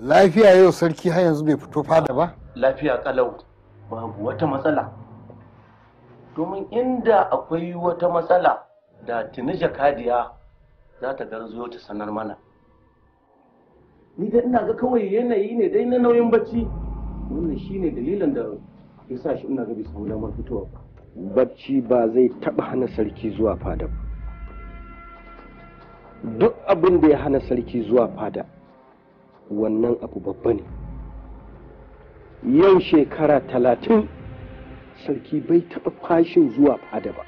lafiya yau sarki har yanzu bai fito fada ba lafiya kalau babu wata matsala domin inda akwai wata matsala da tuni jakadiya za ta garzo ta sanar mana ni da ina ga kawai yanayi ne dai na nauyin bacci wannan shine dalilin da ya sa shi ina ga bai samu damar fitowa ba bacci ba zai taba hana sarki zuwa fada ba duk abin da ya hana sarki zuwa fada wannan abu babba ne yau shekara talatin sarki bai taɓa fashin zuwa fada ba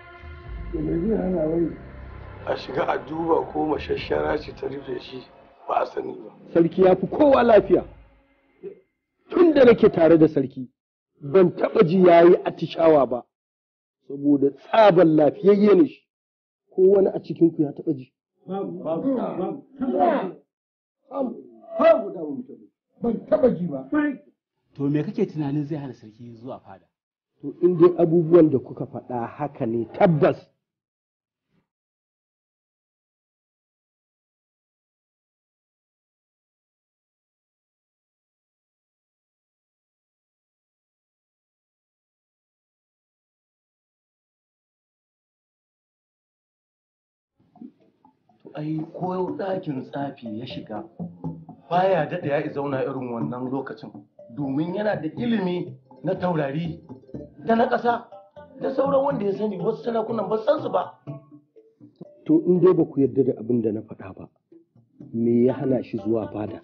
a shiga a duba ko mashashara ce ta rufe shi ba a sani ba sarki ya fi kowa lafiya tun da nake tare da sarki ban taɓa ji ya yi atishawa ba saboda tsaban lafiyayye ne shi ko wani a cikinku ya taɓa ji guda ban taba ji ba to me kake tunanin zai hana sarki zuwa fada to in dai abubuwan da kuka faɗa haka ne tabbas ai ko ɗakin tsafi ya shiga baya daɗe ya zauna irin wannan lokacin domin yana da ilimi na taurari da na ƙasa da sauran wanda ya sani wasu sarakunan ba san su ba to in dai ba ku yarda da abin da na faɗa ba me ya hana shi zuwa fada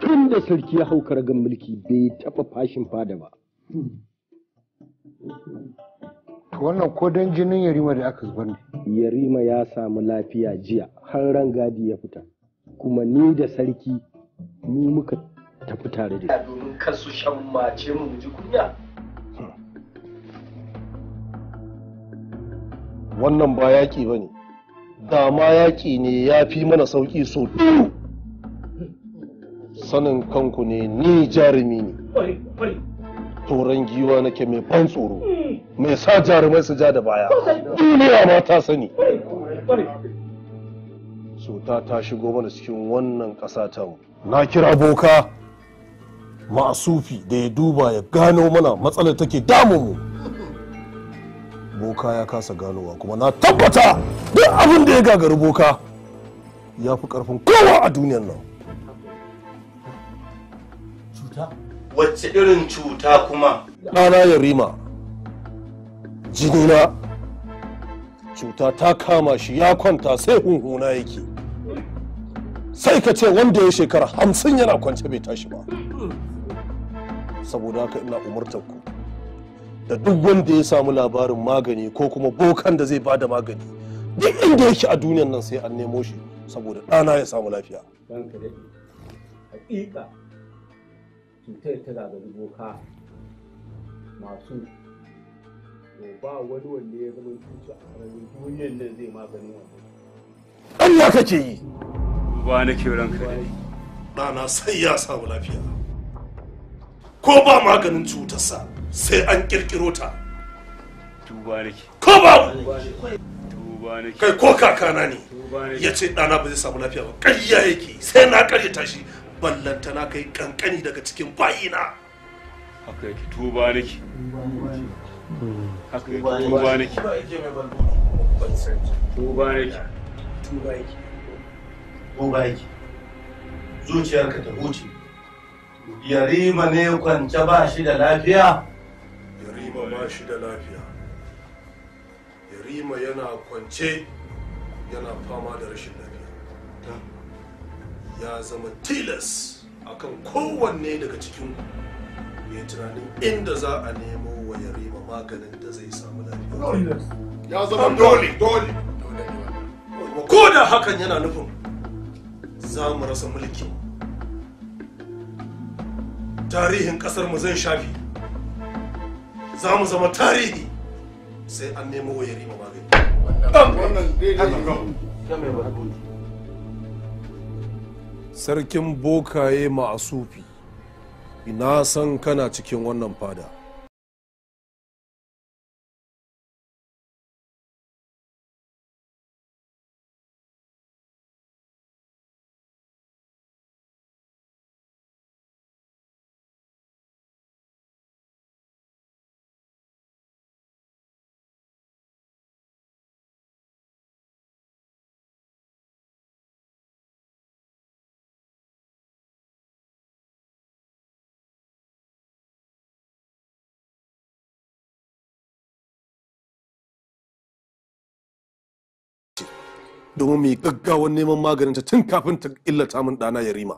tun da sarki ya hau karagar mulki bai taɓa fashin fada ba wannan ko don jinin yarima da aka zubar ne yarima ya samu lafiya jiya har gadi ya fita kuma ni da sarki mu muka tafi tare da domin su shammace mu ji kunya wannan ba yaƙi ba ne da ma yaƙi ne ya fi mana sauƙi so sanin kanku ne ni jarumi ne turan giwa nake mai ban tsoro hmm. mai sa jarumai su ja da baya duniya ma ta sani cuta ta shigo mana cikin wannan ƙasa ta na kira boka ma'asufi da ya duba ya gano mana matsalar take mu. boka ya kasa ganowa kuma na tabbata duk abin da ya gagari boka ya fi karfin kowa a duniyar nan wacce irin cuta kuma ɗana ya rima na cuta ta kama shi ya kwanta sai hunhuna yake sai ka ce wanda ya shekara hamsin yana kwance bai tashi ba saboda haka ina umartar ku da duk wanda ya samu labarin magani ko kuma bokan da zai ba da magani duk inda yake a duniyan nan sai an nemo shi saboda ɗana ya samu lafiya hakika cutar ta masu ba wani wanda ya zama cuta a duniyar nan zai maganin wannan Allah kake yi Uba ka ranka dai. Ɗana sai ya samu lafiya. Ko ba maganin cutarsa sai an ƙirƙiro ta. Duba nake. Ko ba Duba nake. Kai ko kakana ne. Ya ce dana ba zai samu lafiya ba. Ƙarya yake sai na ƙaryata shi na kai kankani daga cikin bayina. Haka yake tuba nake. Haka yake tuba nake. Tuba nake. Tuba nake. goba yake zuciyarka ta huce yarima ne kwance ba shi da lafiya yarima ba shi da lafiya yarima yana kwance yana fama da rashin lafiya ya zama tilas akan kowanne daga cikin mai tunanin inda za a nemo wa yarima maganin da zai samu lafiya ya zama dole dole ko da hakan yana nufin za mu rasa mulki tarihin mu zai shafi za mu zama tarihi sai an nemo wayari ma magani sarkin bokaye ma'asufi ina san kana cikin wannan fada domin mu yi gaggawan neman maganinta tun kafin ta illata min ɗana ya rima.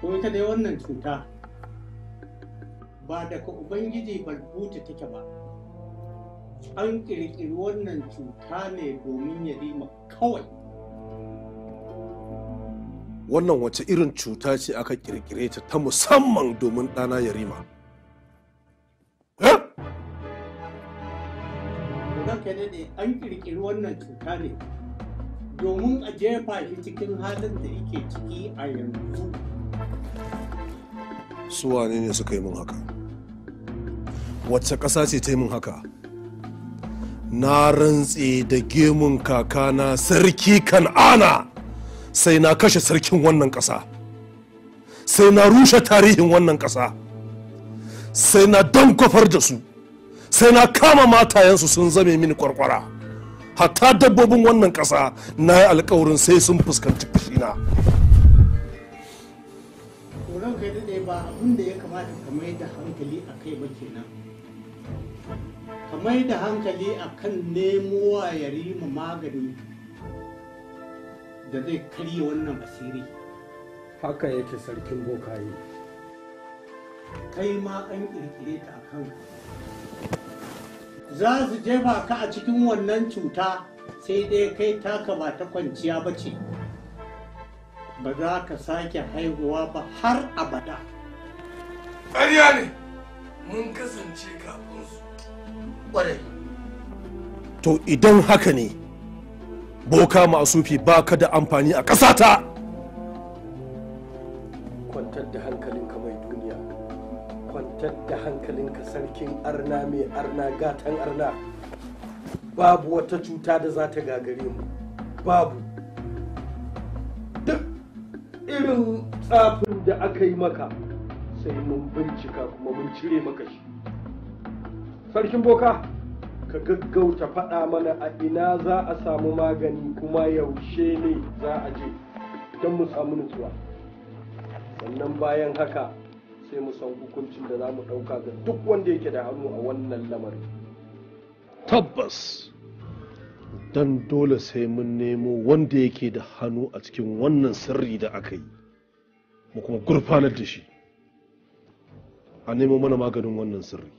Ko ita dai wannan cuta ba daga Ubangiji balbuta take ba. An ƙirƙiri wannan cuta ne domin ya rima kawai. Wannan wace irin cuta ce aka ƙirƙire ta ta musamman domin ɗana ya rima. ranka daɗe an ƙirƙiri wannan cuta ne domin a jefa shi cikin halin da yake ciki a yanzu su wane ne suka yi min haka wacce ƙasa ce ta yi min haka na rantse da gemun kakana sarki kan'ana sai na kashe sarkin wannan ƙasa sai na rushe tarihin wannan ƙasa sai na don kwafar da su sai na kama matayensu sun zame mini kwarkwara hatta dabbobin wannan ƙasa na yi alkawarin sai sun fuskanci fushina tsoron ba abin da ya kamata ka mai da hankali a kai ba kan nemo a yari ma magani da zai karye wannan asiri haka yake sarkin bokaye kai ma an kirkire ta a kanka za su jefa ka a cikin wannan cuta sai dai kai taka ba ta kwanciya ba ce ba za ka sake haihuwa ba har abada ƙarya ne mun kasance kafin su ƙwarai to idan haka ne boka masufi ba ka da amfani a ƙasata kwantar da hankali kwantar hankalin ka sarkin arna mai arna gatan arna babu wata cuta da za ta gagare mu babu duk irin tsafin da aka yi maka sai mun bincika kuma mun cire maka shi sarkin boka ka gaggauta faɗa mana a ina za a samu magani kuma yaushe ne za a je don mu samu nutsuwa sannan bayan haka sai mu san hukuncin da za mu ɗauka ga duk wanda yake da hannu a wannan lamarin tabbas don dole sai mun nemo wanda yake da hannu a cikin wannan sirri da aka yi mu kuma gurfanar da shi a nemo mana maganin wannan sirri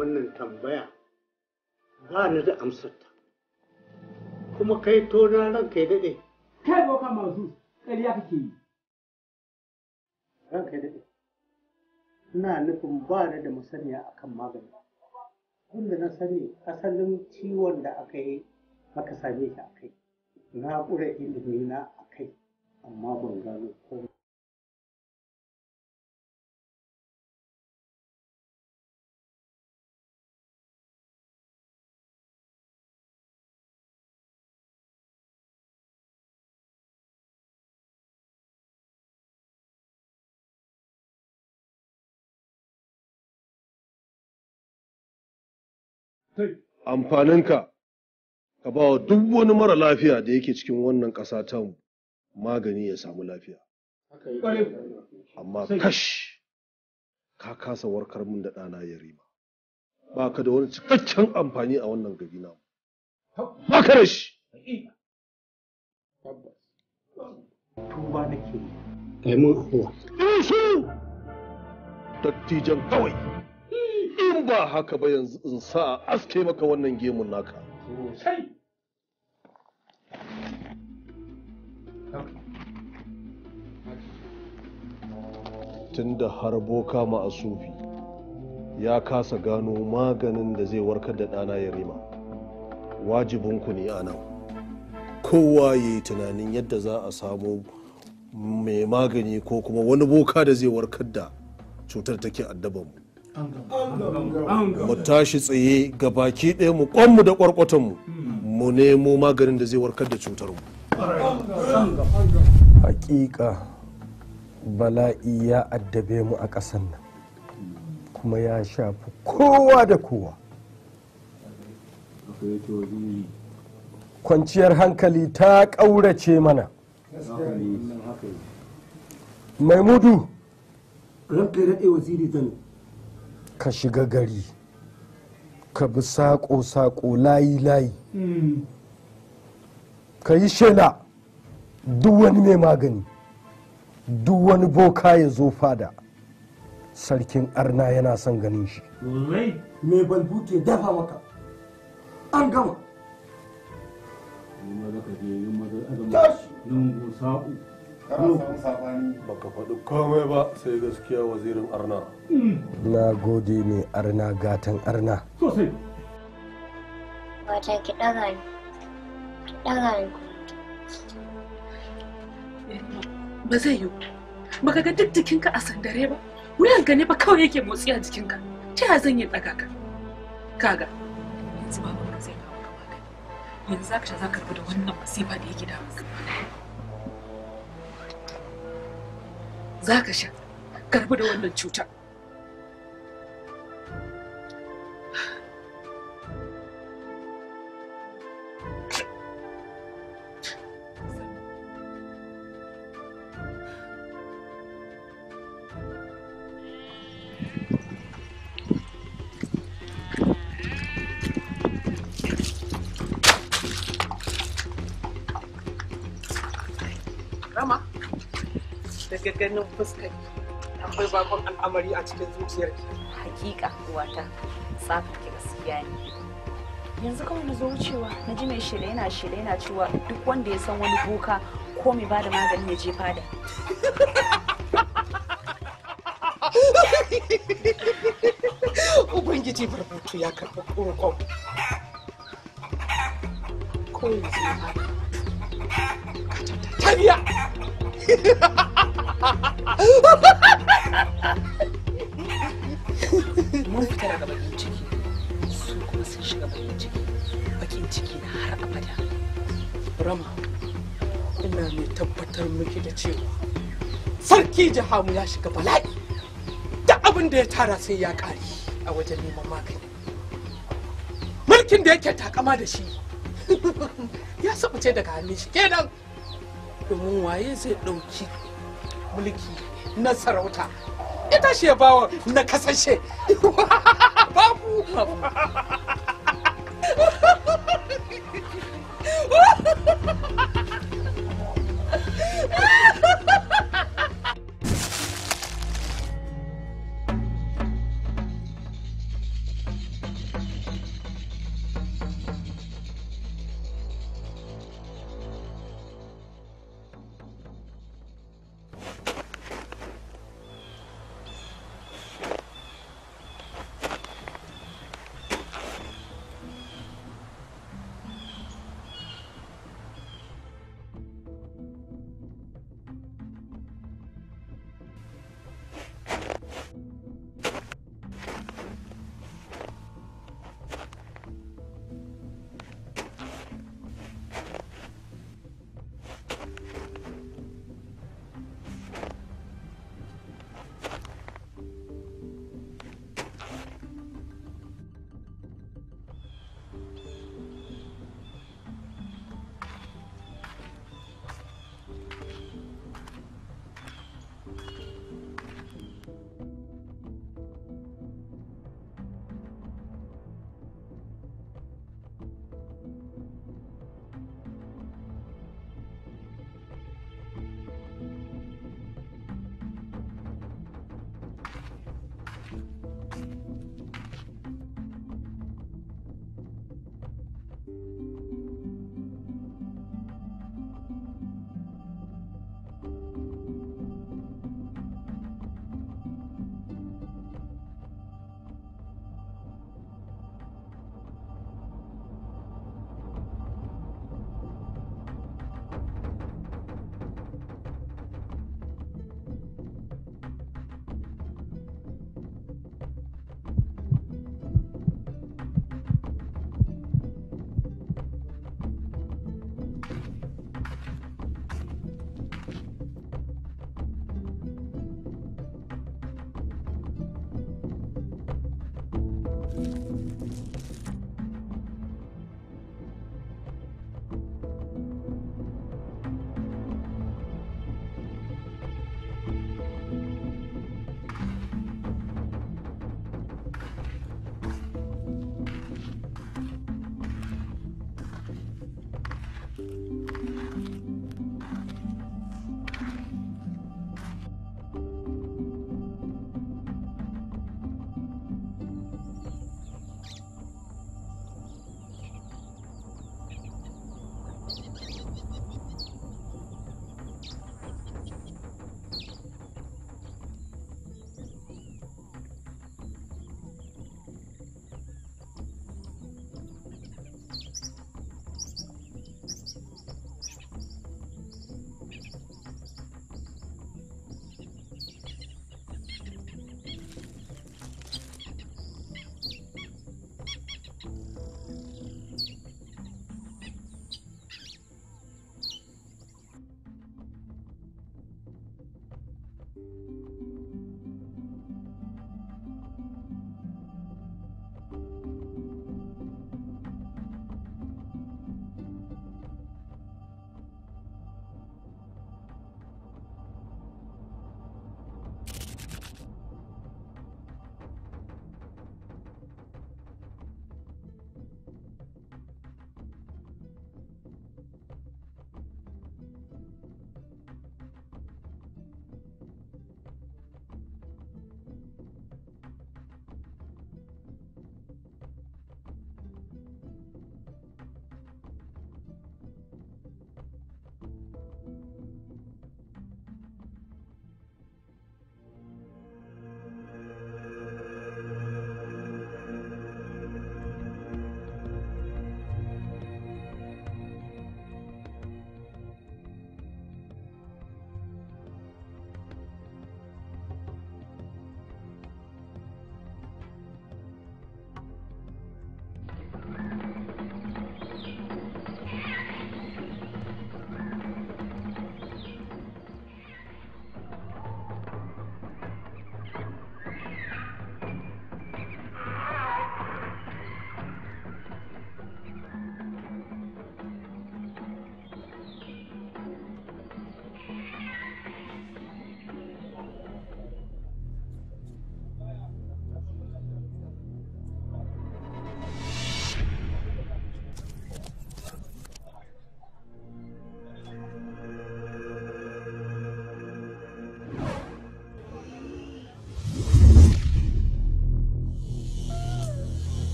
wannan tambaya ba ni da amsarta kuma kai to na ranka ya daɗe kai boka masu ƙarya kake yi ranka ya daɗe ina nufin ba ni da masaniya akan magani wanda na sani asalin ciwon da aka yi aka same shi a kai na ƙura ilimi na a kai amma ban gano komai amfaninka ka ba wa duk wani mara lafiya da yake cikin wannan ƙasa ta magani ya samu lafiya. Amma kash ka kasa warkar min da ɗana ya rima. Ba ka da wani cikakken amfani a wannan gari na Ba ka da shi. Tuba nake yi. mun Dattijan kawai. in ba haka ba yanzu in sa aske maka wannan gemun naka Tun tunda har boka ma sufi ya kasa gano maganin da zai warkar da ɗana ya rima wajibinku ne a nan kowa ya yi tunanin yadda za a samu mai magani ko kuma wani boka da zai warkar da cutar take addabanmu mu tashi tsaye ga baki ɗaya mu kwanmu da kwarkwatanmu mu nemo maganin da zai warkar da cutar mu hakika bala'i ya addabe mu a ƙasan nan kuma ya shafi kowa da kowa kwanciyar hankali ta ƙaurace mana maimudu ranka ya daɗe waziri zan ka shiga gari ka bi saƙo-saƙo layi-layi ka yi shela duk wani mai magani duk wani boka ya zo fada sarkin arna yana son ganin shi me balbu ke dafa maka an gama baka faɗi komai ba sai gaskiya wazirin arna hmm. na gode mai arna gatan arna sosai wata ki ɗaga ni ki ɗaga ni ba zai yiwu baka ga duk jikinka a sandare ba wuyan ka ne ba kawai yake motsi a jikinka ta ya zan yi ɗaga ka kaga yanzu babu ka zai kawo ka magani yanzu zaka sha zaka rubuta wannan masifa da yake damunka za ka sha karbi da wannan cutar fuskar akwai bakon al'amari a cikin zuciyar hakika wata tsafar ki gaskiya ne yanzu kawai na zo wucewa na ji mai shirye yana shirye yana cewa duk wanda ya san wani boka ko mai bada magani ya je fada Ubangiji barbutu ya karɓi kurkon. Kowai zai ba. Ka tattata mun fita daga bakin ciki su kuma sun shiga bakin ciki bakin ciki na har abada rama ina mai tabbatar miki da cewa sarki jihamu ya shiga bala'i da abin da ya tara sai ya kare a wajen neman magani mulkin da yake takama da shi ya sabuce daga hannun shi kenan domin waye zai ɗauki mulki na sarauta ita bawa na kasashe babu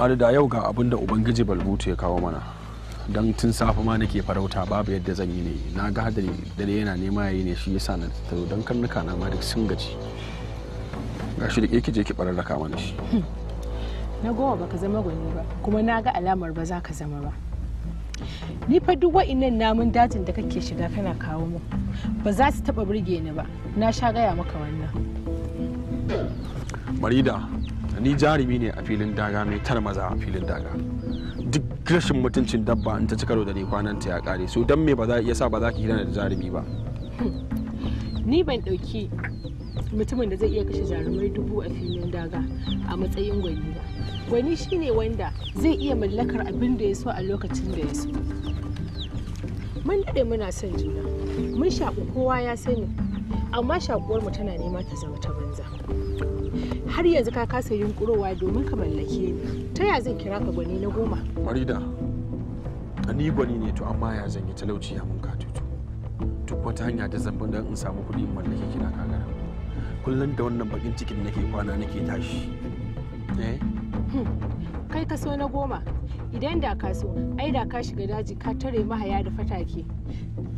bari da yau ga abin da ubangiji balbutu ya kawo mana don tun safe ma nake farauta babu yadda zan yi ne na ga hadari dare yana nema yi ne shi ya yasa na tattaro don karnuka na ma duk sun gaji shi da ke je ki barar raka mana shi hmm. na goma baka zama gwani ba kuma na ga alamar ba za ka zama ba ni fa duk wa'innan namun dajin da kake shiga kana kawo mu ba za su taba burge ni ba na sha gaya maka wannan marida ni jarumi ne a filin daga mai tar maza a filin daga duk rashin mutuncin dabba in ta ci karo da ni kwanan ta ya kare so dan me ba za iya sa ba za ki hira da jarumi ba ni ban dauki mutumin da zai iya kashe jarumai dubu a filin daga a matsayin gwani ba gwani shine wanda zai iya mallakar abin da ya so a lokacin da ya so mun daɗe muna son juna mun shaƙu kowa ya sani amma shaƙuwar mu tana nema ta zama ta bane har yanzu ka kasa yunkurowa domin ka mallake ni ta ya zan kira ka gwani na goma farida ni gwani ne to amma ya zan yi talauci ya mun katutu duk wata hanya da zan don in samu kuɗi in mallake kina kagara kullum da wannan bakin cikin nake kwana nake tashi eh hmm. kai so na goma idan da ka so ai da ka shiga daji ka tare mahaya da fatake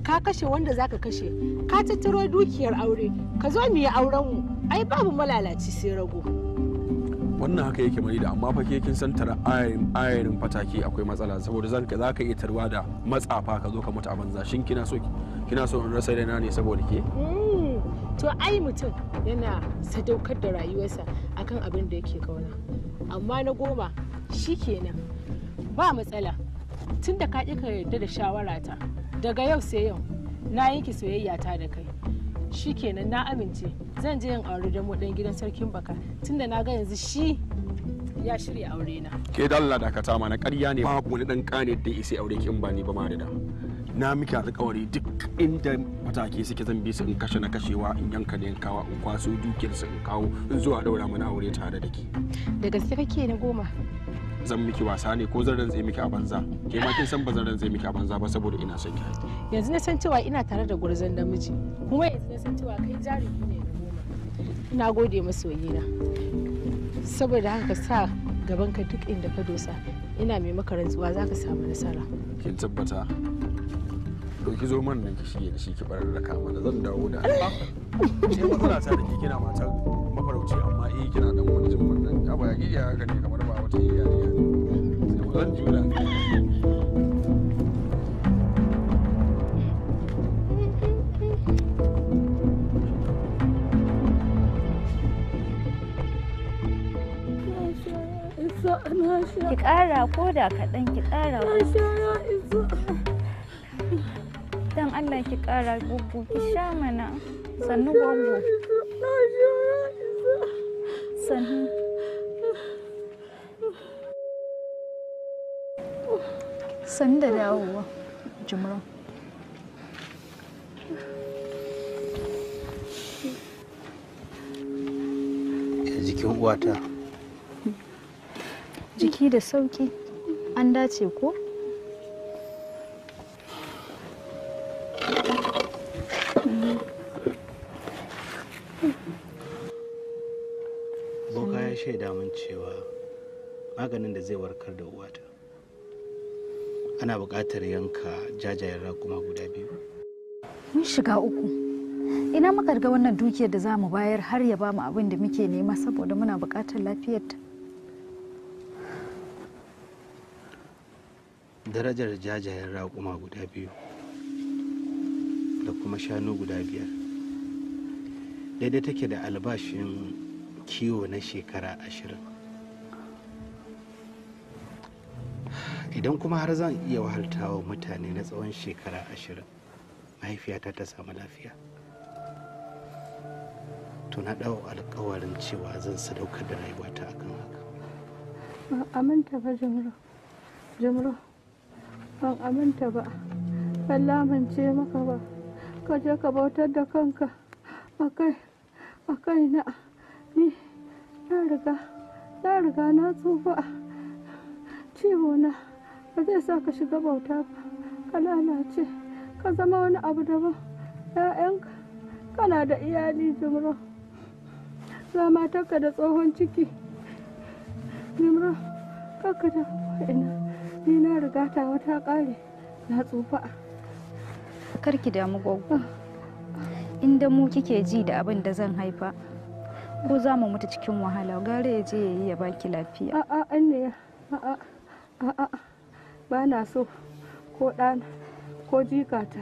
ka kashe wanda zaka kashe ka tattaro dukiyar aure ka zo mu yi auren mu ai babu malalaci sai rago wannan haka yake mai da amma fa ke kin san tara ayarin fataki akwai matsala saboda zan ka zaka iya tarwa da matsafa ka zo ka mutu a banza shin kina so kina so in rasa raina ne saboda ke hmm, to ai mutum yana sadaukar da rayuwarsa akan abin da yake kauna amma na goma shikenan ba matsala tun da ka ƙi ka yarda da shawarata daga yau sai yau na yanke soyayya ta da kai shikenan na amince zan je yin aure da mu dan gidan sarkin baka tunda na ga yanzu shi ya shirya aure na ke da Allah dakata mana ƙarya ne babu wani dan kane da ya aure kin ba ni ba ma da na miki alƙawari duk inda mataki suke zan bi su in kashe na kashewa in yanka da yankawa in kwaso dukiyar su in kawo in zuwa daura mana aure tare da ke da gaske kake na goma zan miki wasa ne ko zan rantse miki a banza ke ma kin san ba zan rantsa miki a banza ba saboda ina son ki yanzu na san cewa ina tare da gurzon namiji kuma san cewa kai jarumi ne na goma ina gode masoyina saboda haka sa gaban ka duk inda ka dosa ina mai maka rantsuwa za ka samu nasara kin tabbata ɗauki zo man nan ki shige da shi ki da kama mana zan dawo da Allah ce matsala ta da kina matar mafarauci amma eh kina dan wani jin wannan ya ba ya gidiya haka ne kamar ba wata iya ne zan juna ki ƙara ko da kaɗan ki ƙara dan Allah ki ƙara gugu ki sha mana sannu gugu sannu sannu da dawowa jimran jikin uwata jiki da sauki an dace ko boka ya shaida min cewa maganin da zai warkar da uwata ana buƙatar yanka jajayen raƙuma guda biyu mun shiga uku ina muka ga wannan dukiyar da za mu bayar har ya ba mu abin da muke nema saboda muna buƙatar lafiyarta darajar jajayen raƙuma guda biyu da kuma shanu guda biyar daidai take da albashin kiwo na shekara ashirin idan kuma har zan iya wahaltawa mutane na tsawon shekara ashirin mahaifiyata ta samu lafiya to na ɗau alkawarin cewa zan sadaukar da rayuwata akan haka aminta ba jimro jimro ban aminta ba ban lamince maka ba ka je ka bautar da kanka a akai na ni na riga na riga na tsufa ciwo na ba zai sa ka shiga bauta ba ka lalace ka zama wani abu daban ‘ya'yanka kana da iyali jimro za matarka da tsohon ciki jimro kakka da ina ni na riga ta wata ƙare na tsufa kar ki damu gogo ah. in da mu kike ji da abin da zan haifa ko za mu mutu cikin wahala gare ya je ya yi ya baki lafiya a'a anne a'a a'a ba na so ko ɗana ko jikata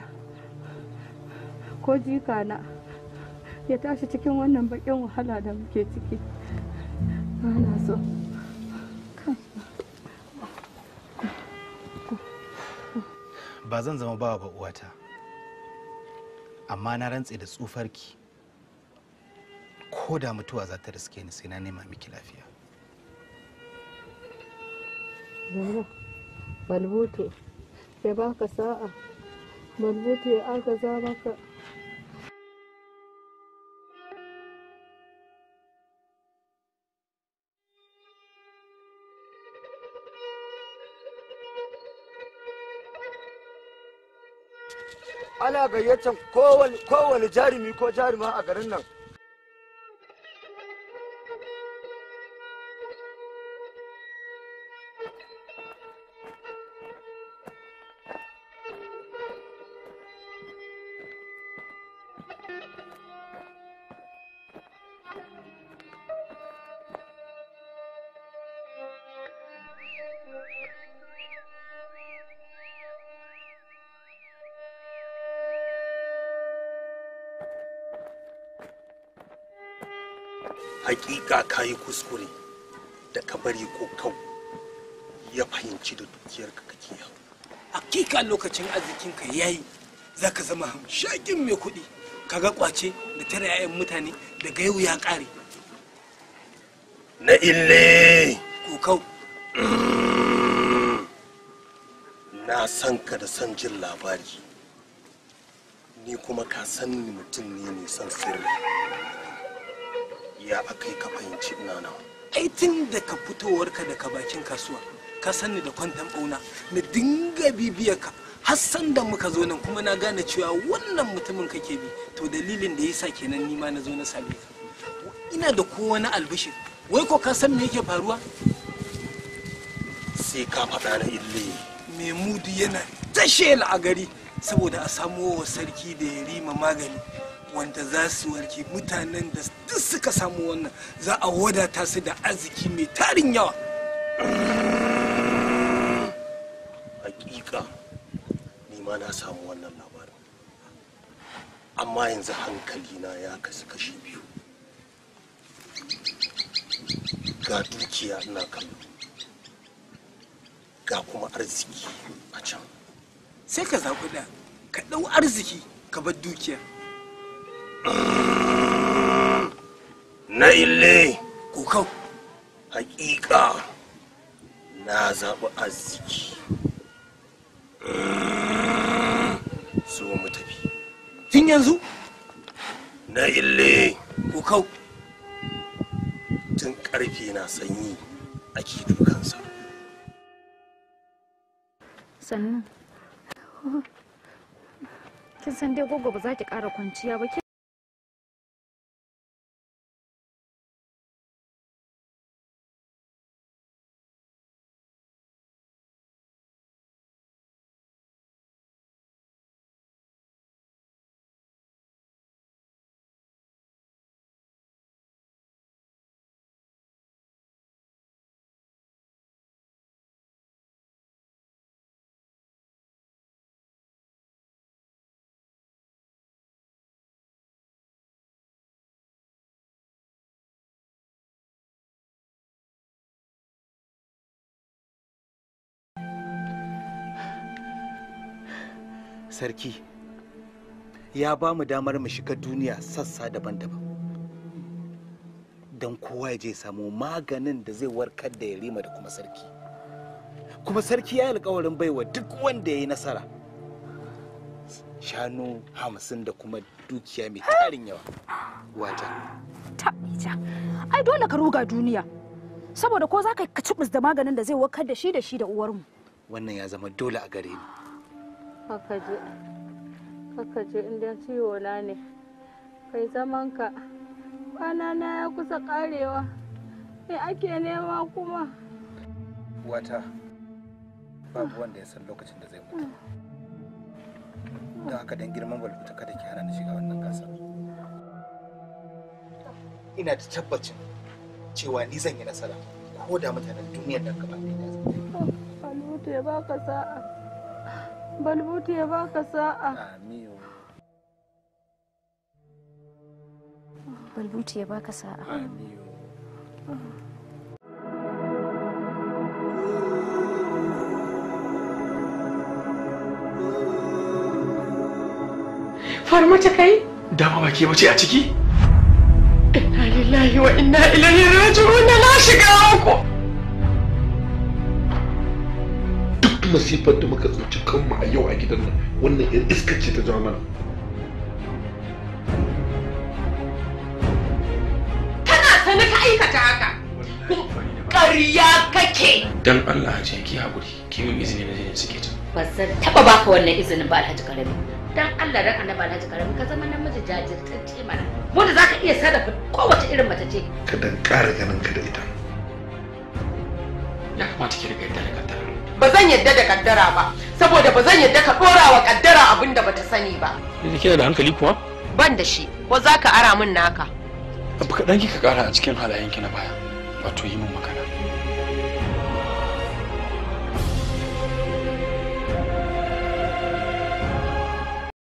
ko jikana ya tashi cikin wannan bakin wahala da muke ciki ba na so ba zan zama bawa ba uwata amma na rantse da tsufarki ko da mutuwa za ta riske ni sai na nema miki lafiya balbuto ya baka sa'a balbuto ya za maka ana gayyatar kowane jarumi ko jaruma a garin nan hakika kayi kuskure da ka bari ko kau ya fahimci da dukiyarka kake yau hakika lokacin arzikinka ya yayi za ka zama hamshakin mai kuɗi kaga kwace da tare 'ya'yan mutane daga yau ya ƙare na ille kau na san ka da san jin labari ni kuma ka san ni mutum ne mai san sirri ya akai ka fahimci ina nan ai tun daga ka daga bakin kasuwa ka ni da kwantan bauna na dinga bibiyar ka har san da muka zo nan kuma na gane cewa wannan mutumin kake bi to dalilin da ya sa kenan ni ma na zo na same ka ina da kowa na albishir wai ko ka san me yake faruwa sai ka faɗa na ille Mai mudu yana tashe a gari saboda a samo wa sarki da ya rima magani wanda za su warke mutanen da duk suka samu wannan za a wadata su da arziki mai tarin yawa hakika nima na samu wannan labarin amma yanzu hankali na ya kasu kashi biyu ga dukiya ina kallo ga kuma arziki a can sai ka zaɓi da ka ɗau arziki ka bar dukiyar na ille ku kau hakika na zaɓi arziki so mu tafi tun yanzu na ille ku kau tun ƙarfe na sanyi ake dukansa sannan kin san dai gogo ba za ki ƙara kwanciya ba sarki ya ba mu damar mu shiga duniya sassa daban-daban don kowa ya je samu maganin da zai warkar da yarima da kuma sarki kuma sarki ya yi alkawarin baiwa duk wanda ya yi nasara shanu hamsin da kuma dukiya mai tarin yawa wata taɓija ai dole ka ruga duniya saboda ko za ka ci da maganin da zai warkar da shi da shi da uwarmu wannan ya zama dole a gare ni kakaje je inda ciwola ne kai zamanka na ya kusa karewa me ake nema kuma wata babu wanda ya san lokacin da zai mutu don haka dan girman balbuta kada ki hana ni shiga wannan gasa. ina da tabbacin cewa ni zan yi nasara ko da mutanen duniyar da gaba ɗaya ya baka sa'a balbuti ya baka sa'a balbuti ya baka sa'a farmata kai dama ba ke bace a ciki inna lillahi wa inna ilaihi raji'un na shiga uku masifar da muka tsinci kanmu a yau a gidan nan wannan yan iska ce ta zama mana kana sani ka aikata haka ƙarya kake dan Allah ce ki haƙuri ki yi izini na jini suke ta ba zan taɓa baka wannan izinin ba Alhaji Karami dan Allah ran ba Alhaji Karami ka zama namiji jajirtacce mana wanda ka iya sarrafa kowace irin mace ce ka dan ƙara ganin ka da ita ya kamata ki riga yadda da kanta ba zan yadda da kaddara ba saboda ba zan yadda ka dora wa kaddara abin da bata sani ba yanzu kina da hankali kuwa ban da shi ko zaka ara min naka abu kaɗan ka kara a cikin halayenki na baya wato yi min magana